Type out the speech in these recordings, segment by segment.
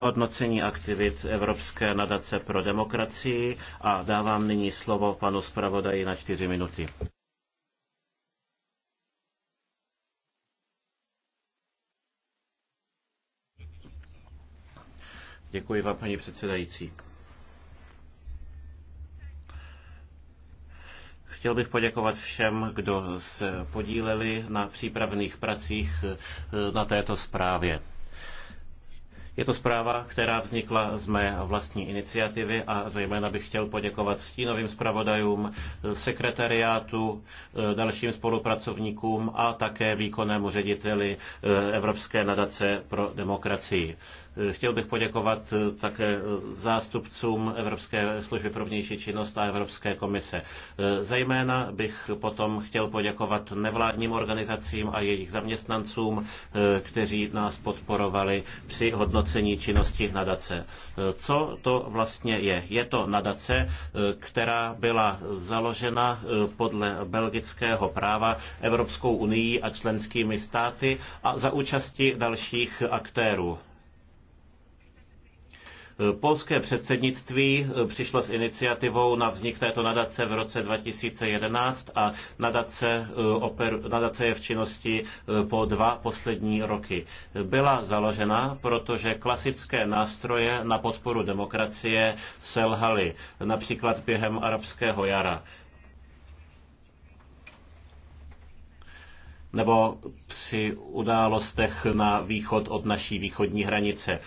hodnocení aktivit Evropské nadace pro demokracii a dávám nyní slovo panu zpravodaji na čtyři minuty. Děkuji vám, paní předsedající. Chtěl bych poděkovat všem, kdo se podíleli na přípravných pracích na této zprávě. Je to zpráva, která vznikla z mé vlastní iniciativy a zejména bych chtěl poděkovat stínovým zpravodajům, sekretariátu, eh, dalším spolupracovníkům a také výkonnému řediteli eh, Evropské nadace pro demokracii. Chtěl bych poděkovat eh, také eh, zástupcům Evropské služby pro vnější činnost a Evropské komise. Eh, zejména bych potom chtěl poděkovat nevládním organizacím a jejich zaměstnancům, kteří nás podporovali při hodnocení činnosti nadace. Co to vlastně je? Je to nadace, která byla založena podle belgického práva Evropskou unii a členskými státy a za účasti dalších aktérů. Polské předsednictví eh, přišlo s iniciativou na vznik této nadace v roce 2011 a nadace, eh, oper, nadace je v činnosti eh, po dva poslední roky. Byla založena, protože klasické nástroje na podporu demokracie selhaly, například během arabského jara. nebo při událostech na východ od naší východní hranice.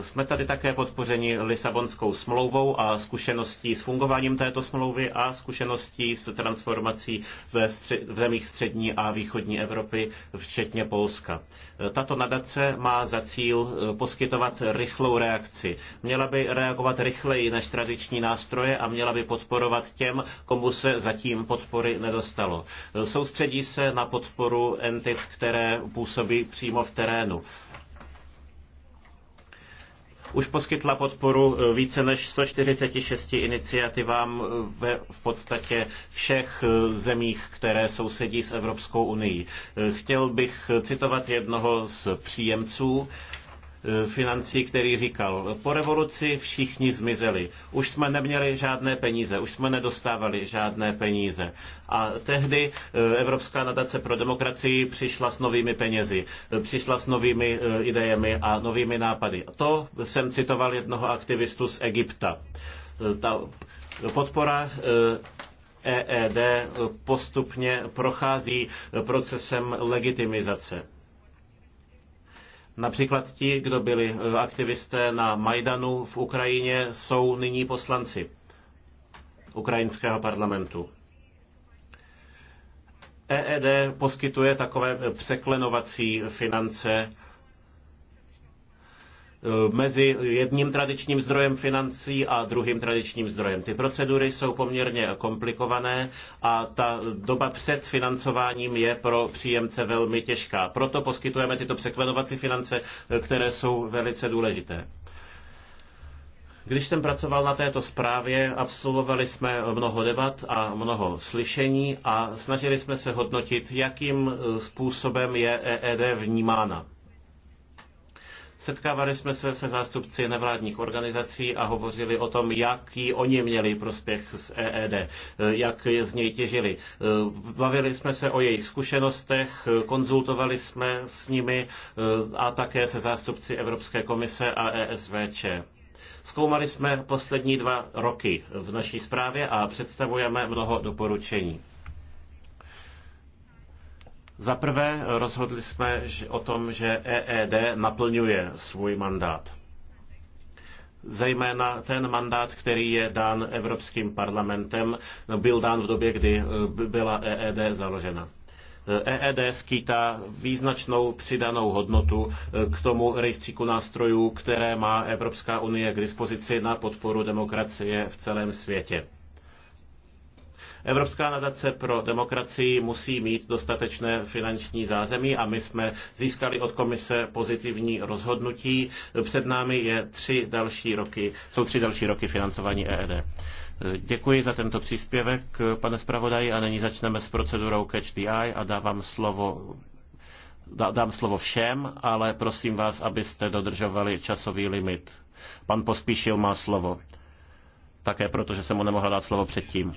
Jsme tady také podpořeni Lisabonskou smlouvou a zkušeností s fungováním této smlouvy a zkušeností s transformací ve v zemích střední a východní Evropy, včetně Polska. Tato nadace má za cíl eh, poskytovat rychlou reakci. Měla by reagovat rychleji než tradiční nástroje a měla by podporovat těm, komu se zatím podpory nedostalo. Eh, soustředí se na podporu entit, které působí přímo v terénu už poskytla podporu eh, více než 146 iniciativám eh, v podstatě všech eh, zemích, které sousedí s Evropskou unii. Chtěl bych citovat jednoho z příjemců, Eh, financí, který říkal, po revoluci všichni zmizeli. Už jsme neměli žádné peníze, už jsme nedostávali žádné peníze. A tehdy eh, Evropská nadace pro demokracii přišla s novými penězi, eh, přišla s novými idejemi a novými nápady. To jsem citoval jednoho aktivistu z Egypta. Ta podpora EED e postupně prochází procesem legitimizace Například ti, kdo byli e, aktivisté na Majdanu v Ukrajině, jsou nyní poslanci ukrajinského parlamentu. EED poskytuje takové překlenovací finance Eh, mezi jedním tradičním zdrojem financí a druhým tradičním zdrojem. Ty procedury jsou poměrně komplikované a ta doba před financováním je pro příjemce velmi těžká. Proto poskytujeme tyto překlenovací finance, eh, které jsou velice důležité. Když jsem pracoval na této zprávě, absolvovali jsme mnoho debat a mnoho slyšení a snažili jsme se hodnotit, jakým eh, způsobem je EED vnímána. Setkávali jsme se se zástupci nevládních organizací a hovořili o tom, jaký oni měli prospěch z EED, jak z něj těžili. Bavili jsme se o jejich zkušenostech, konzultovali jsme s nimi eh, a také se zástupci Evropské komise a ESVČ. Zkoumali jsme poslední dva roky v naší zprávě a představujeme mnoho doporučení. Za prvé rozhodli jsme o tom, že EED naplňuje svůj mandát. Zejména ten mandát, který je dán Evropským parlamentem, byl dán v době, kdy eh, byla EED založena. EED eh, e skýtá význačnou přidanou hodnotu eh, k tomu rejstříku nástrojů, které má Evropská unie k dispozici na podporu demokracie v celém světě. Evropská nadace pro demokracii musí mít dostatečné finanční zázemí a my jsme získali od komise pozitivní rozhodnutí. Před námi je tři další roky, jsou tři další roky financování EED. Děkuji za tento příspěvek, pane zpravodaji, a nyní začneme s procedurou Catch the Eye a dávám slovo dám slovo všem, ale prosím vás, abyste dodržovali časový limit. Pan Pospíšil má slovo. Také proto, že jsem mu nemohl dát slovo předtím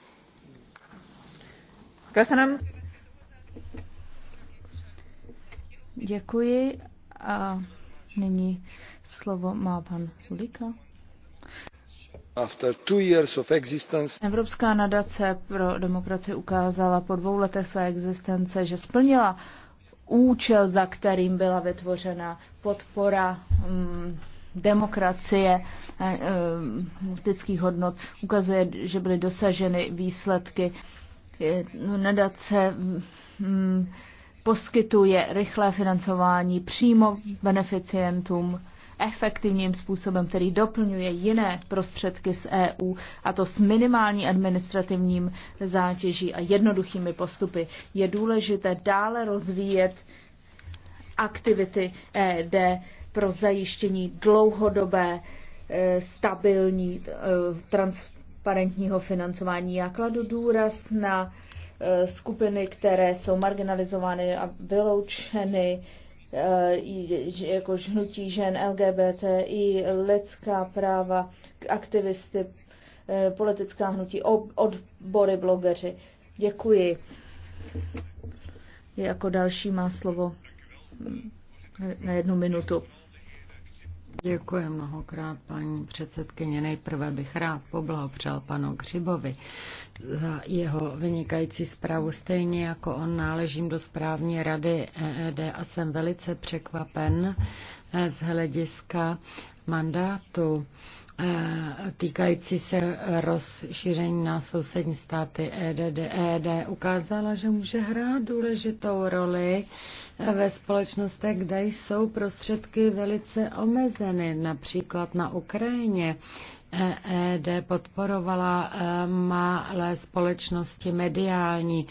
Köszönöm. Děkuji a nyní slovo má pan Lika. After two years of existence. Evropská nadace pro demokracii ukázala po dvou letech své existence, že splnila účel, za kterým byla vytvořena podpora um, demokracie, um, eh, eh, muftických hodnot. Ukazuje, že byly dosaženy výsledky nadace mm, poskytuje rychlé financování přímo beneficientům efektivním způsobem, který doplňuje jiné prostředky z EU, a to s minimální administrativním zátěží a jednoduchými postupy. Je důležité dále rozvíjet aktivity ED pro zajištění dlouhodobé e, stabilní e, trans- transparentního financování. Já kladu důraz na eh, skupiny, které jsou marginalizovány a vyloučeny, eh, jako žnutí žen, LGBT, i lidská práva, aktivisty, eh, politická hnutí, odbory, blogeři. Děkuji. Jako další má slovo hm, na jednu minutu. Děkuji mnohokrát, paní předsedkyně. Nejprve bych rád poblahopřál panu Křibovi za jeho vynikající zprávu. Stejně jako on náležím do správní rady EED a jsem velice překvapen z hlediska mandátu Eh, týkající se rozšíření na sousední státy EDD, ED ukázala, že může hrát důležitou roli eh, ve společnostech, kde jsou prostředky velice omezeny, například na Ukrajině. EED podporovala eh, malé společnosti mediální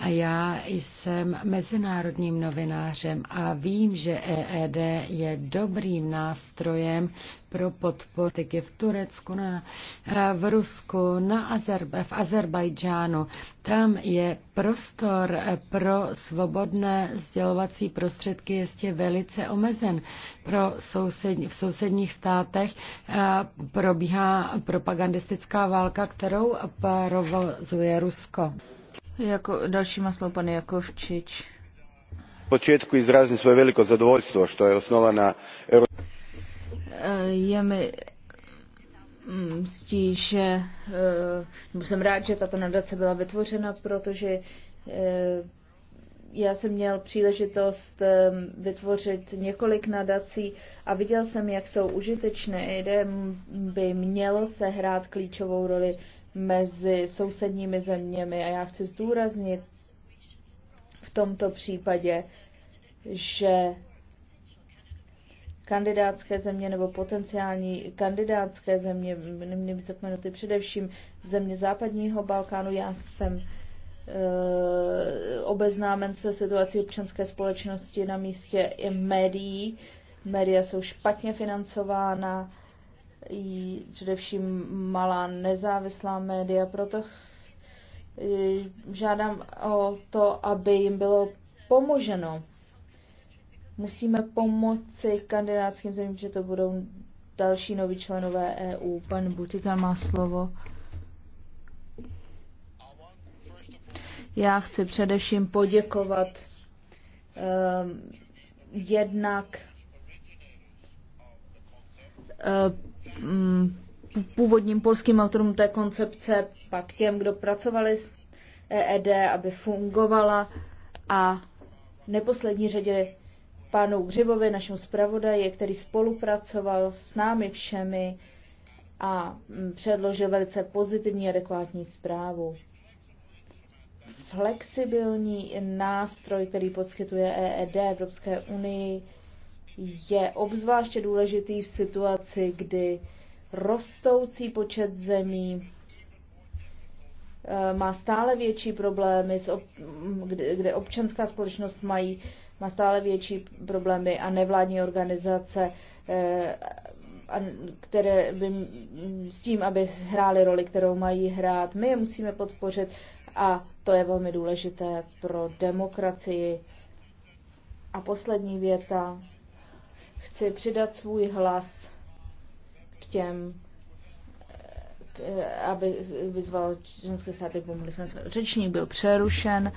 a já jsem mezinárodním novinářem a vím, že EED je dobrým nástrojem pro podporu v Turecku, na, eh, v Rusku, na Azerbe, v Azerbajdžánu. Tam je prostor eh, pro svobodné sdělovací prostředky ještě velice omezen. Pro soused, v sousedních státech eh, probíhá propagandistická válka, kterou provozuje Rusko. Jako, další má slovo pan Jakovčič. V počátku izrazím svoje veliko zadovoljstvo, što je osnovana... Eh, je mi mm, ctí, že eh, jsem rád, že tato nadace byla vytvořena, protože eh, já jsem měl příležitost vytvořit několik nadací a viděl jsem, jak jsou užitečné. Jde by mělo sehrát klíčovou roli mezi sousedními zeměmi a já chci zdůraznit v tomto případě, že kandidátské země nebo potenciální kandidátské země, neměly být ty především země západního Balkánu. Já jsem eh, obeznámen se situací občanské společnosti na místě i médií. Média jsou špatně financována, především malá nezávislá média, proto žádám o to, aby jim bylo pomoženo. Musíme pomoci kandidátským zemím, že to budou další noví členové EU. Pan Butika má slovo. Já chci především poděkovat um, jednak ehm, Mm, původním polským autorům té koncepce, pak těm, kdo pracovali s EED, aby fungovala a neposlední řadě panu Hřibovi, našemu zpravodaji, který spolupracoval s námi všemi a mm, předložil velice pozitivní adekvátní zprávu. Flexibilní nástroj, který poskytuje EED Evropské unii, je obzvláště důležitý v situaci, kdy rostoucí počet zemí eh, má stále větší problémy, kde občanská společnost mají, má stále větší problémy a nevládní organizace, eh, které by s tím, aby hrály roli, kterou mají hrát, my je musíme podpořit a to je velmi důležité pro demokracii. A poslední věta chci přidat svůj hlas k těm, eh, aby vyzval ženské státy pomohli. Řečník byl přerušen.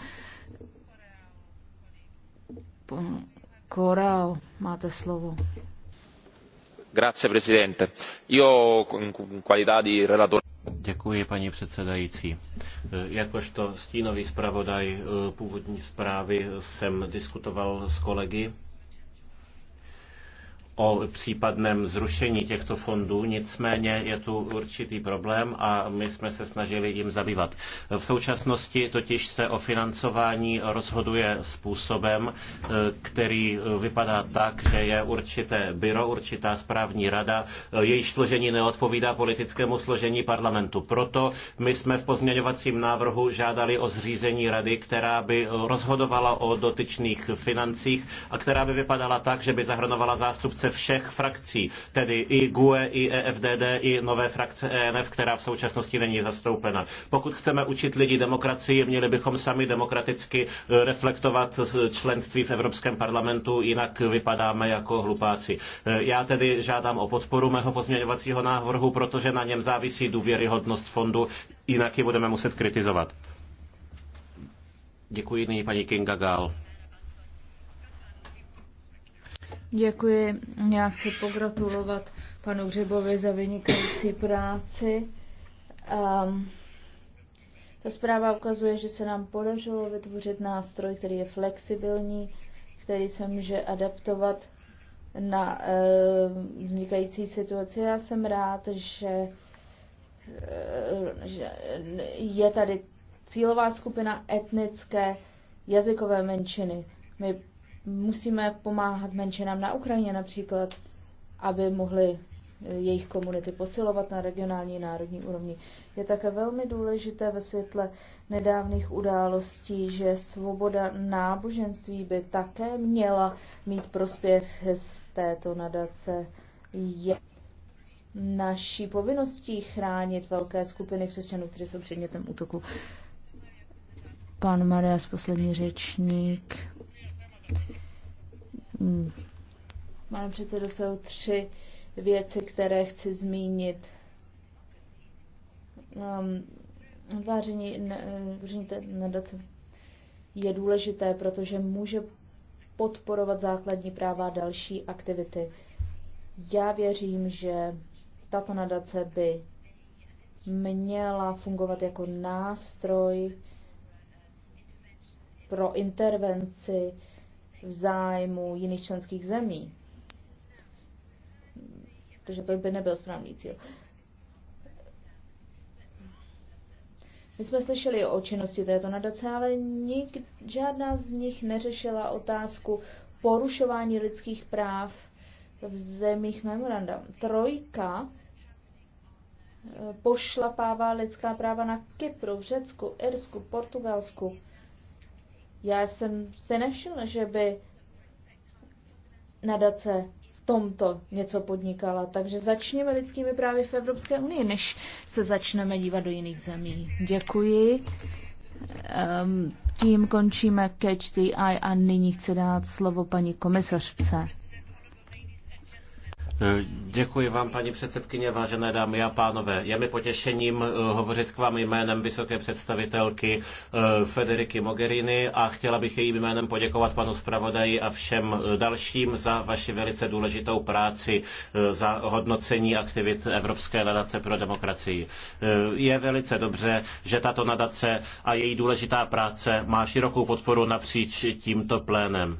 Korao, máte slovo. Grazie, presidente. Io, in qualità di relatore... Děkuji, paní předsedající. Eh, jakožto stínový zpravodaj eh, původní zprávy jsem diskutoval s kolegy o případném zrušení těchto fondů, nicméně je tu určitý problém a my jsme se snažili jim zabývat. V současnosti totiž se o financování rozhoduje způsobem, e, který vypadá tak, že je určité byro, určitá správní rada, e, jejíž složení neodpovídá politickému složení parlamentu. Proto my jsme v pozměňovacím návrhu žádali o zřízení rady, která by rozhodovala o dotyčných financích a která by vypadala tak, že by zahrnovala zástupce všech frakcí, tedy i GUE, i EFDD, i nové frakce ENF, která v současnosti není zastoupena. Pokud chceme učit lidi demokracii, měli bychom sami demokraticky eh, reflektovat eh, členství v Evropském parlamentu, jinak vypadáme jako hlupáci. Eh, já tedy žádám o podporu mého pozměňovacího návrhu, protože na něm závisí důvěryhodnost fondu, jinak ji budeme muset kritizovat. Děkuji nyní paní Kinga Gál. Děkuji. Já chci pogratulovat panu Hřebovi za vynikající práci. Um, ta zpráva ukazuje, že se nám podařilo vytvořit nástroj, který je flexibilní, který se může adaptovat na e, vznikající situaci. Já jsem rád, že, e, že je tady cílová skupina etnické jazykové menšiny. My Musíme pomáhat menšinám na Ukrajině například, aby mohly eh, jejich komunity posilovat na regionální národní úrovni. Je také velmi důležité ve světle nedávných událostí, že svoboda náboženství by také měla mít prospěch z této nadace. Je naší povinností chránit velké skupiny křesťanů, které jsou předmětem útoku. Pan Marias, poslední řečník. Hmm. Pane předsedo, jsou tři věci, které chci zmínit. Um, váření nadace je důležité, protože může podporovat základní práva a další aktivity. Já věřím, že tato nadace by měla fungovat jako nástroj pro intervenci v zájmu jiných členských zemí. protože to by nebyl správný cíl. My jsme slyšeli o činnosti této nadace, ale nik, žádná z nich neřešila otázku porušování lidských práv v zemích memoranda. Trojka eh, pošlapává lidská práva na Kypru, v Řecku, Irsku, Portugalsku já jsem se nevšiml, že by nadace v tomto něco podnikala. Takže začněme lidskými právy v Evropské unii, než se začneme dívat do jiných zemí. Děkuji. Um, tím končíme Catch the Eye a nyní chci dát slovo paní komisařce. Děkuji vám, paní předsedkyně, vážené dámy a pánové. Je mi potěšením eh, hovořit k vám jménem vysoké představitelky eh, Federiky Mogherini a chtěla bych jejím jménem poděkovat panu zpravodaji a všem eh, dalším za vaši velice důležitou práci za hodnocení aktivit Evropské nadace pro demokracii. Je velice dobře, že tato nadace a její důležitá práce má širokou podporu napříč tímto plénem.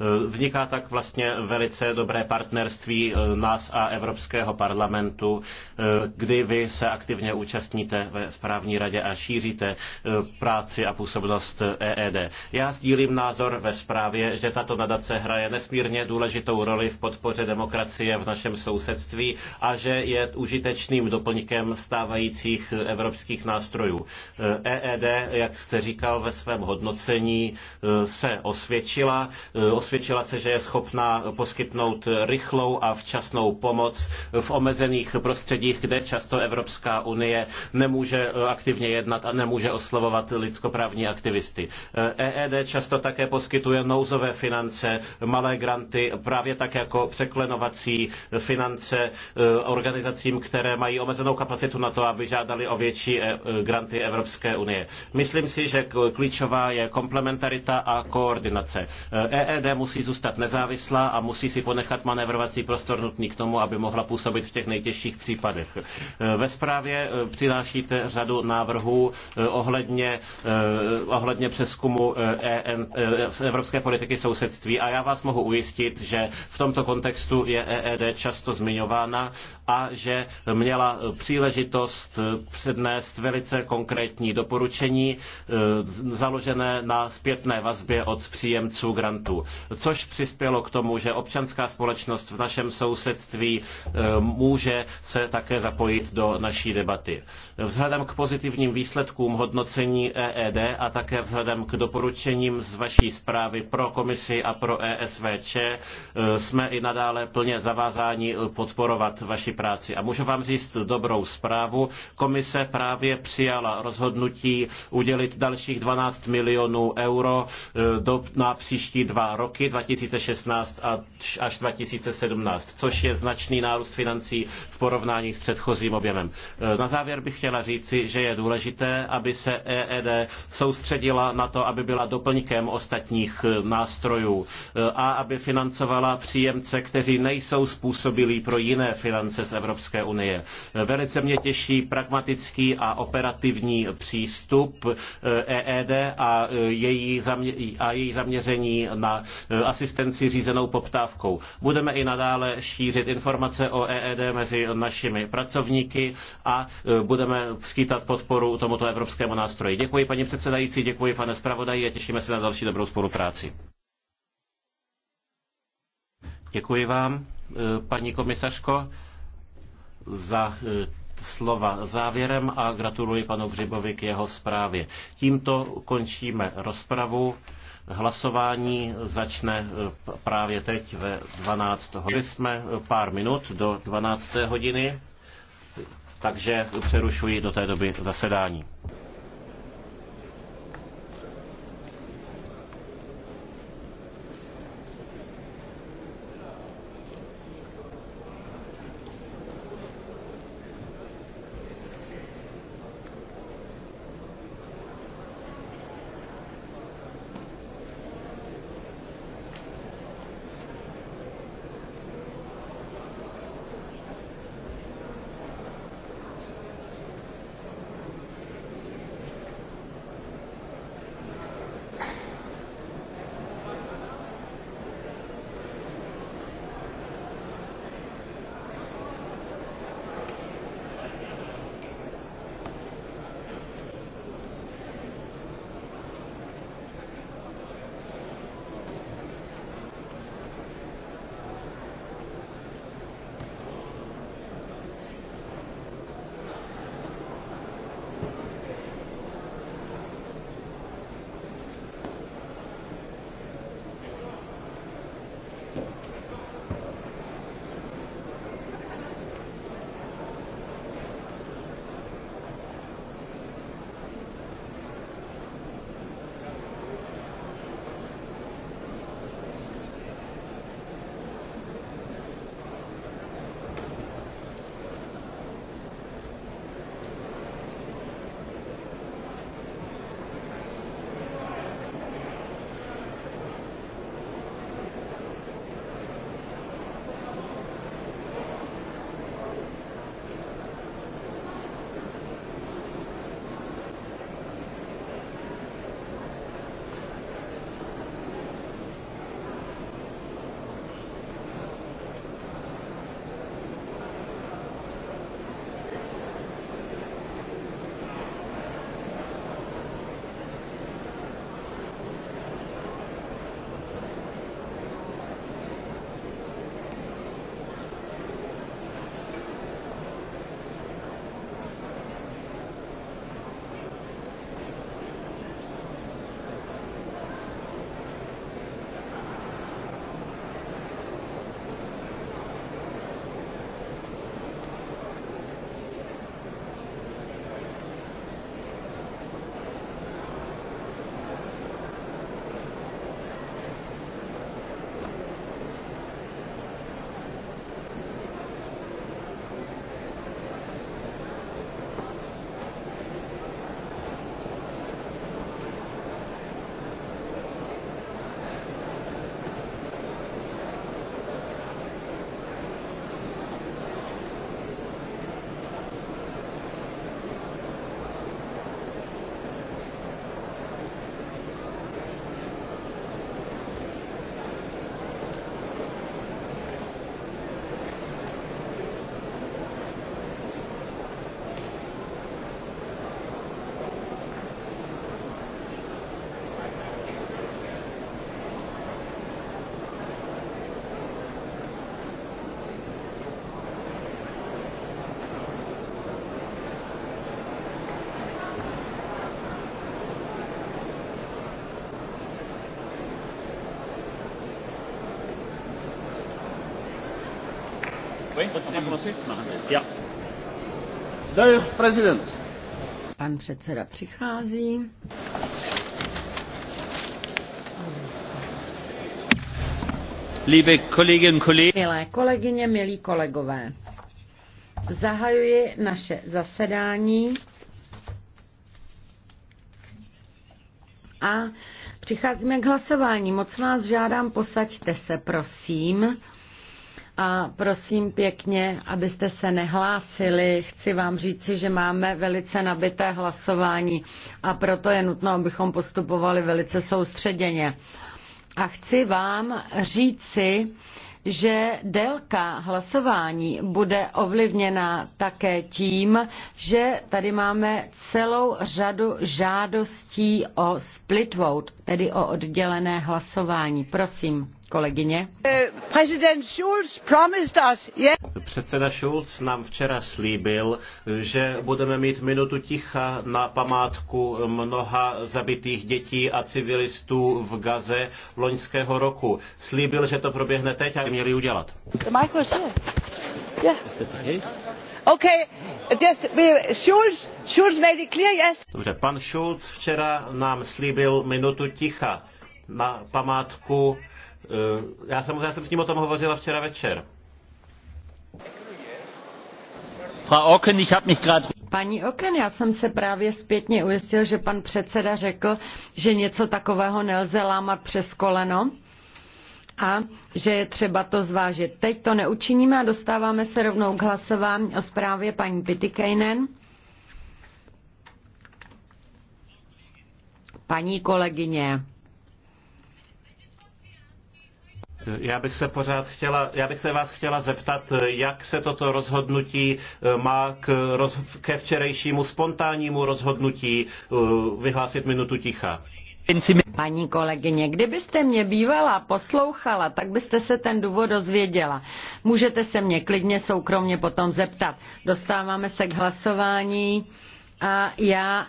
Eh, vzniká tak vlastně velice dobré partnerství eh, nás a Evropského parlamentu, eh, kdy vy se aktivně účastníte ve správní radě a šíříte práci a působnost EED. E Já sdílím názor ve zprávě, že tato nadace hraje nesmírně důležitou roli v podpoře demokracie v našem sousedství a že je užitečným doplňkem stávajících evropských nástrojů. EED, e jak jste říkal ve svém hodnocení, se osvědčila. Osvědčila se, že je schopná poskytnout rychlou a včasnou pomoc v omezených prostředích, kde často Evropská unie nemůže eh, aktivně jednat a nemůže oslovovat lidskoprávní aktivisty. EED eh, e často také poskytuje nouzové finance, malé granty, právě tak jako překlenovací finance eh, organizacím, které mají omezenou kapacitu na to, aby žádali o větší granty Evropské unie. Myslím si, že klíčová je komplementarita a koordinace. EED e musí zůstat nezávislá a musí si ponechat manévrovací prostor nutný k tomu, aby mohla působit v těch nejtěžších případech. Eh, ve zprávě eh, přinášíte řadu návrhů eh, ohledně, ohledně přeskumu EN, e evropské politiky sousedství a já vás mohu ujistit, že v tomto kontextu je EED často zmiňována a že měla příležitost přednést velice konkrétní doporučení založené na zpětné vazbě od příjemců grantů což přispělo k tomu, že občanská společnost v našem sousedství eh, může se také zapojit do naší debaty. Vzhledem k pozitivním výsledkům hodnocení EED a také vzhledem k doporučením z vaší zprávy pro komisi a pro ESVČ eh, jsme i nadále plně zavázáni eh, podporovat vaši práci. A můžu vám říct dobrou zprávu. Komise právě přijala rozhodnutí udělit dalších 12 milionů euro do, na příští dva roky roky 2016 až 2017, což je značný nárůst financí v porovnání s předchozím objemem. E, na závěr bych chtěla říci, že je důležité, aby se EED soustředila na to, aby byla doplňkem ostatních e, nástrojů e, a aby financovala příjemce, kteří nejsou způsobilí pro jiné finance z Evropské unie. Velice mě těší pragmatický a operativní přístup EED a její, zamě- a její zaměření na Eh, asistenci řízenou poptávkou. Budeme i nadále šířit informace o EED mezi našimi pracovníky a eh, budeme skýtat podporu tomuto evropskému nástroji. Děkuji paní předsedající, děkuji pane zpravodaji a těšíme se na další dobrou spolupráci. Děkuji vám, eh, paní komisařko, za slova závěrem a gratuluji panu Břibovi k jeho zprávě. Tímto končíme rozpravu. Hlasování začne eh, právě teď ve 12 hodin. Jsme eh, pár minut do 12. hodiny, takže přerušuji do té doby zasedání. prezident. Pan předseda přichází. Liebe Kolleginnen, Kollegen. Milé kolegyně, milí kolegové. Zahajuji naše zasedání a přicházíme k hlasování. Moc vás žádám, posaďte se, prosím. A prosím pěkně, abyste se nehlásili, chci vám říci, že máme velice nabité hlasování a proto je nutno, abychom postupovali velice soustředěně. A chci vám říci, že délka hlasování bude ovlivněna také tím, že tady máme celou řadu žádostí o split vote, tedy o oddělené hlasování. Prosím. Eh, Předseda Schulz nám včera slíbil, že budeme mít minutu ticha na památku mnoha zabitých dětí a civilistů v Gaze loňského roku. Slíbil, že to proběhne teď a měli udělat. Dobře, pan Schulz včera nám slíbil minutu ticha na památku Eh, já samozřejmě jsem s ním o tom hovořila včera večer. Paní Oken, já jsem se právě zpětně ujistil, že pan předseda řekl, že něco takového nelze lámat přes koleno a že je třeba to zvážit. Teď to neučiníme a dostáváme se rovnou k hlasování o zprávě paní Pitikejnen. Paní kolegyně, Já bych se pořád chtěla, já bych se vás chtěla zeptat, jak se toto rozhodnutí eh, má k roz, ke včerejšímu spontánnímu rozhodnutí eh, vyhlásit minutu ticha. Paní kolegyně, kdybyste mě bývala, poslouchala, tak byste se ten důvod dozvěděla. Můžete se mě klidně soukromně potom zeptat. Dostáváme se k hlasování. A já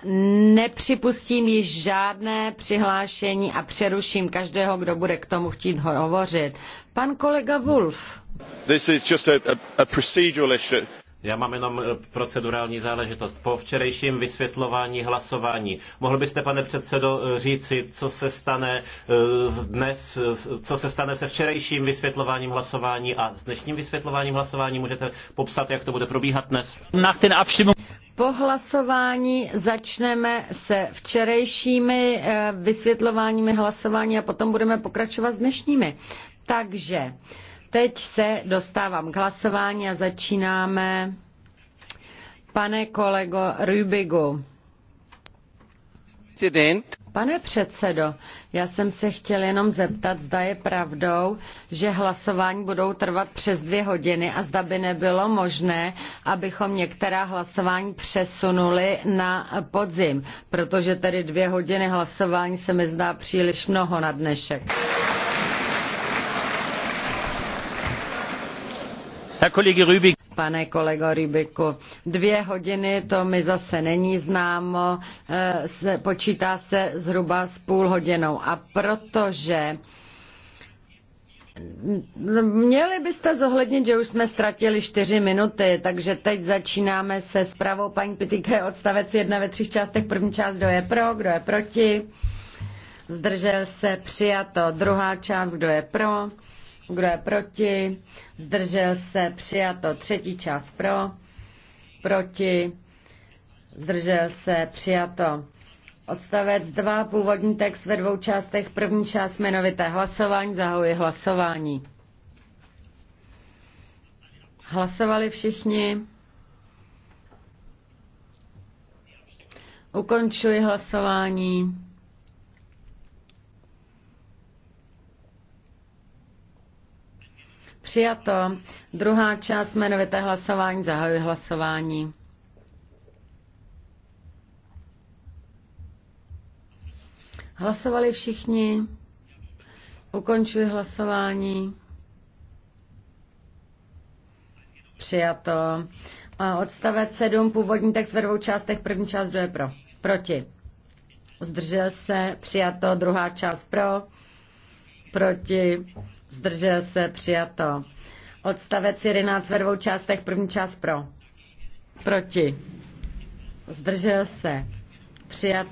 nepřipustím již žádné přihlášení a přeruším každého, kdo bude k tomu chtít hovořit. Pan kolega Wolf. This is just a, a, a procedural issue. Já mám jenom eh, procedurální záležitost. Po včerejším vysvětlování hlasování, mohl byste, pane předsedo, eh, říci, co se stane eh, dnes, co se stane se včerejším vysvětlováním hlasování a s dnešním vysvětlováním hlasování? Můžete popsat, jak to bude probíhat dnes? Po hlasování začneme se včerejšími eh, vysvětlováními hlasování a potom budeme pokračovat s dnešními. Takže teď se dostávám k hlasování a začínáme. Pane kolego Rubigu, Pane předsedo, já jsem se chtěl jenom zeptat, zda je pravdou, že hlasování budou trvat přes dvě hodiny a zda by nebylo možné, abychom některá hlasování přesunuli na podzim, protože tedy dvě hodiny hlasování se mi zdá příliš mnoho na dnešek. Herr Kollege Rübig, pane kolego Rybiku. Dvě hodiny, to mi zase není známo, eh, se, počítá se zhruba s půl hodinou. A protože Měli byste zohlednit, že už jsme ztratili čtyři minuty, takže teď začínáme se zprávou paní Pitýké odstavec jedna ve třech částech. První část, kdo je pro, kdo je proti. Zdržel se přijato. Druhá část, kdo je pro, kdo je proti? Zdržel se. Přijato. Třetí část pro. Proti. Zdržel se. Přijato. Odstavec 2. Původní text ve dvou částech. První část jmenovité hlasování. Zahoji hlasování. Hlasovali všichni. Ukončuji hlasování. Přijato. Druhá část jmenovité hlasování. Zahajuji hlasování. Hlasovali všichni. Ukončuji hlasování. Přijato. A odstavec 7, původní text ve dvou částech, první část, kdo je pro? Proti. Zdržel se, přijato, druhá část pro, proti, zdržel se, přijato. Odstavec 11 ve dvou částech, první část pro. Proti. Zdržel se. Přijato.